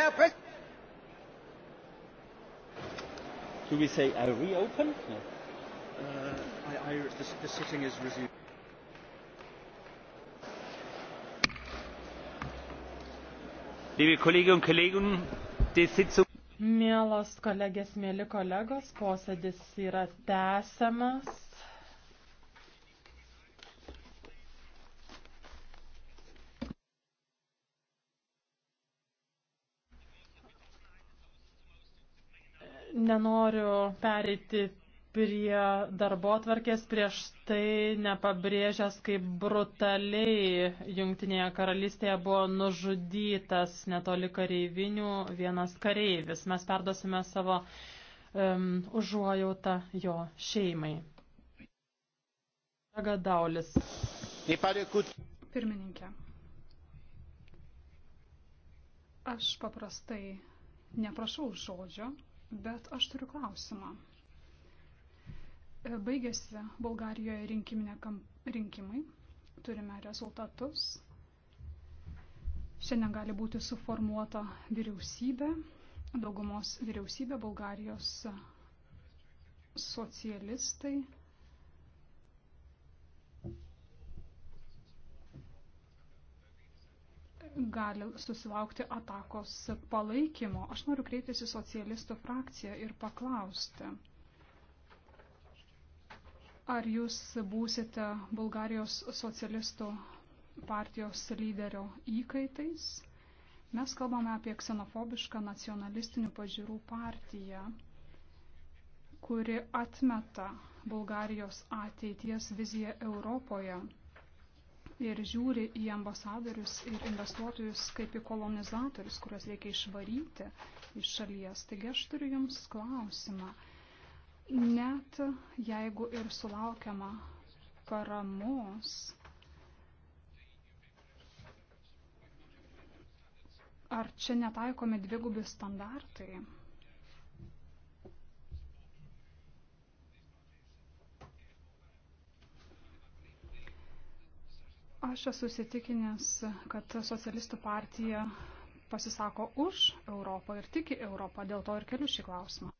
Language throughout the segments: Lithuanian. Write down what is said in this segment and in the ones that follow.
Herr Präsident! Do we say I reopen? No. Uh, I, I, the, the sitting is resumed. Liebe Kolleginnen und Kollegen, die Sitzung. Mielos kolegės, mėly kolegos, posėdis yra tęsiamas. nenoriu pereiti prie darbo atvarkės prieš tai nepabrėžęs, kaip brutaliai Jungtinėje karalystėje buvo nužudytas netoli kareivinių vienas kareivis. Mes perdosime savo um, užuojautą jo šeimai. Daulis. Pirmininkė. Aš paprastai neprašau žodžio, bet aš turiu klausimą. E, baigėsi Bulgarijoje rinkiminė rinkimai, turime rezultatus. Šiandien gali būti suformuota vyriausybė, daugumos vyriausybė Bulgarijos socialistai gali susilaukti atakos palaikymo. Aš noriu kreiptis į socialistų frakciją ir paklausti, ar jūs būsite Bulgarijos socialistų partijos lyderio įkaitais? Mes kalbame apie ksenofobišką nacionalistinių pažiūrų partiją, kuri atmeta Bulgarijos ateities viziją Europoje ir žiūri į ambasadorius ir investuotojus kaip į kolonizatorius, kuriuos reikia išvaryti iš šalies. Taigi aš turiu Jums klausimą. Net jeigu ir sulaukiama paramos, ar čia netaikomi dvigubi standartai? Aš esu įsitikinęs, kad socialistų partija pasisako už Europą ir tiki Europą, dėl to ir keliu šį klausimą.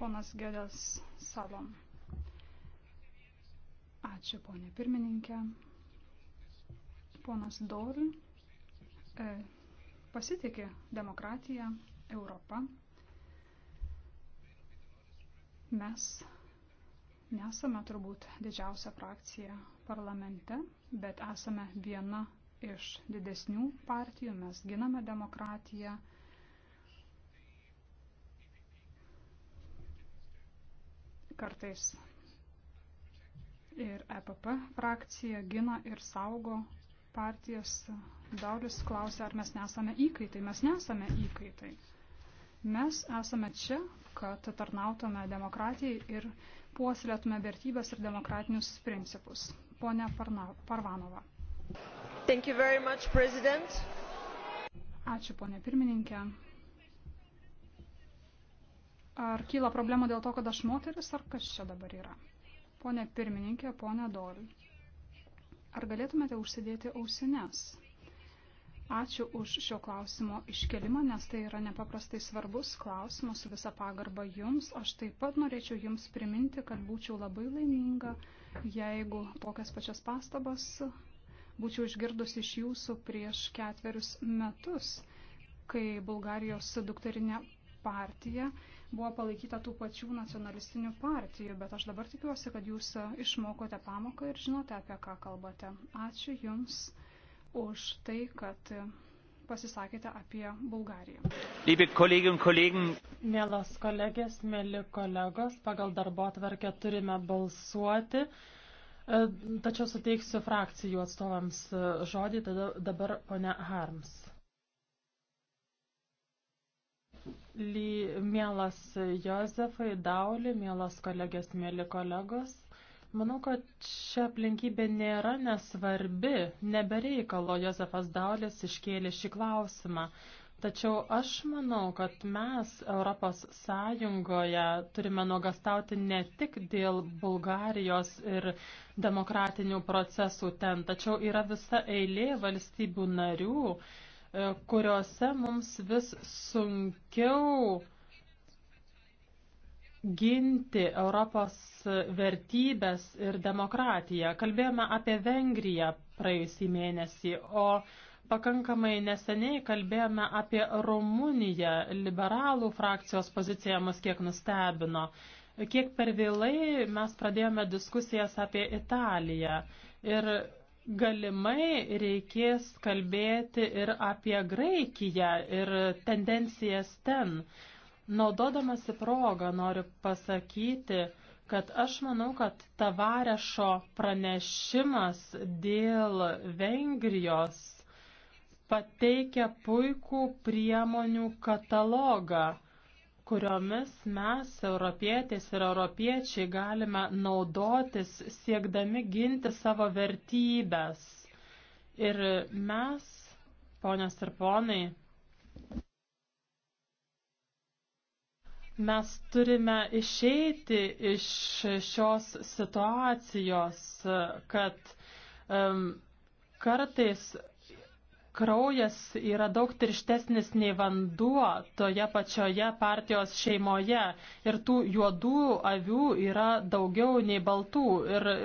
Ponas Gedės Salom. Ačiū, ponė pirmininkė. Ponas Dori e, pasitikė demokratiją, Europą Mes nesame turbūt didžiausia frakcija parlamente, bet esame viena iš didesnių partijų, mes giname demokratiją. Kartais ir EPP frakcija gina ir saugo partijas. Daulis klausia, ar mes nesame įkaitai. Mes nesame įkaitai. Mes esame čia, kad tarnautume demokratijai ir puoselėtume vertybės ir demokratinius principus. Pone Parna, Parvanova. Thank you very much, President. Ačiū, ponė pirmininkė. Ar kyla problema dėl to, kad aš moteris, ar kas čia dabar yra? Pone pirmininkė, pone Dori. Ar galėtumėte užsidėti ausines? Ačiū už šio klausimo iškelimą, nes tai yra nepaprastai svarbus klausimas su visa pagarba jums. Aš taip pat norėčiau jums priminti, kad būčiau labai laiminga, jeigu tokias pačias pastabas būčiau išgirdus iš jūsų prieš ketverius metus, kai Bulgarijos dukterinė partija buvo palaikyta tų pačių nacionalistinių partijų, bet aš dabar tikiuosi, kad jūs išmokote pamoką ir žinote, apie ką kalbate. Ačiū jums už tai, kad pasisakėte apie Bulgariją. Mielos kolegės, mėly kolegos, pagal darbo atvarkę turime balsuoti, e, tačiau suteiksiu frakcijų atstovams e, žodį, tada dabar ponia Harms. Mielas Jozefai Dauli, mielos kolegės, mėly kolegos. Manau, kad čia aplinkybė nėra nesvarbi, nebereikalo Jozefas Daulis iškėlė šį klausimą. Tačiau aš manau, kad mes Europos Sąjungoje turime nuogastauti ne tik dėl Bulgarijos ir demokratinių procesų ten, tačiau yra visa eilė valstybių narių, e, kuriuose mums vis sunkiau ginti Europos vertybės ir demokratiją. Kalbėjome apie Vengriją praėjusį mėnesį, o pakankamai neseniai kalbėjome apie Rumuniją. Liberalų frakcijos pozicija mus kiek nustebino. Kiek per vėlai mes pradėjome diskusijas apie Italiją. Ir galimai reikės kalbėti ir apie Graikiją ir tendencijas ten. Uh, Naudodamasi progą noriu pasakyti, kad aš manau, kad Tavarešo pranešimas dėl Vengrijos pateikia puikų priemonių katalogą, kuriomis mes, europietės ir europiečiai, galime naudotis siekdami ginti savo vertybės. Ir mes, ponios ir ponai, Mes turime išeiti iš šios situacijos, kad um, kartais kraujas yra daug tirštesnis nei vanduo toje pačioje partijos šeimoje ir tų juodų avių yra daugiau nei baltų ir e,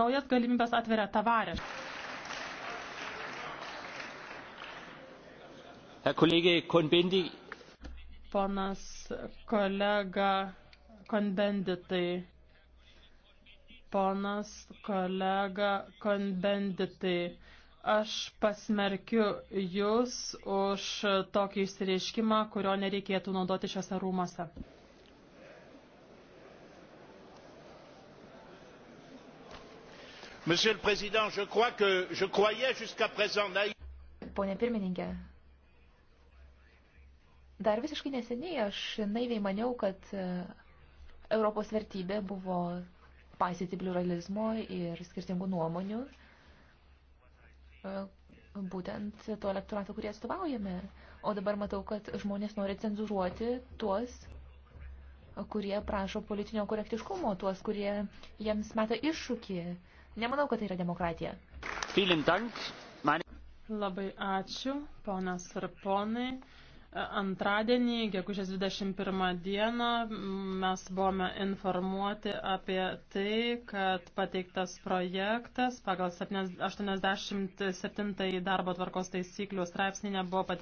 naujas galimybės atveria tavarė. Herr Kollege Kohn-Bendit, ponas kolega konbenditai. Ponas kolega konbenditai. Aš pasmerkiu jūs už tokį išsireiškimą, kurio nereikėtų naudoti šiuose rūmose. Monsieur le Président, je crois que je croyais jusqu'à présent naïf. Pone pirmininkė, Dar visiškai neseniai aš naiviai maniau, kad e, Europos vertybė buvo paisyti pluralizmo ir skirtingų nuomonių, e, būtent to elektorato, kurį atstovaujame. O dabar matau, kad žmonės nori cenzuruoti tuos, kurie prašo politinio korektiškumo, tuos, kurie jiems meta iššūkį. Nemanau, kad tai yra demokratija. Vielen Dank. Labai ačiū, ponas ir ponai. Antradienį, gegužės 21 dieną, mes buvome informuoti apie tai, kad pateiktas projektas pagal 87 darbo tvarkos taisyklių straipsnį nebuvo pateiktas.